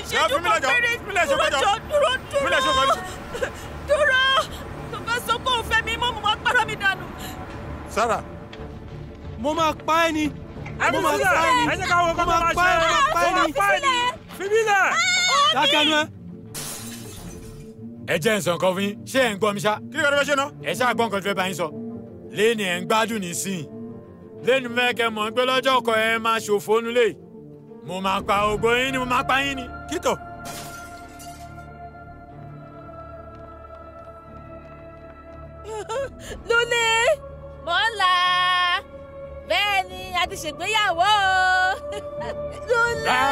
ìṣẹ́jú kan péré dúró dúró dúró dúró tó bá sọ pé òun fẹ́ mi mọ́ mo máa para mi dànù. Sarah. mo máa pa ẹ́ ni mo máa pa ẹ́ ni mo máa pa ẹ́ ni mo máa pa ẹ́ ni fífi lẹ̀. dákẹ́ nu ẹ. ẹ jẹ́ nsọ̀n kan fún yín ṣé ẹ̀ ń gbọ́ mi ṣá. kí ni kàdé bá ṣe ná. ẹ ṣáà gbọ́ nǹkan tí fẹ́ bá yín sọ lẹ́ni ẹ̀ ń gbádùn nísìnyí lẹ́nu mẹ́kẹ́ mọ̀ ń gbé lọ́jọ́ kan ẹ máa ṣòfò nulẹ̀ yìí mo máa pa ògbó yín ni mo máa pa yín ni kító. lulẹ̀ mọ́ ń a ti ṣègbéyàwó lulẹ̀.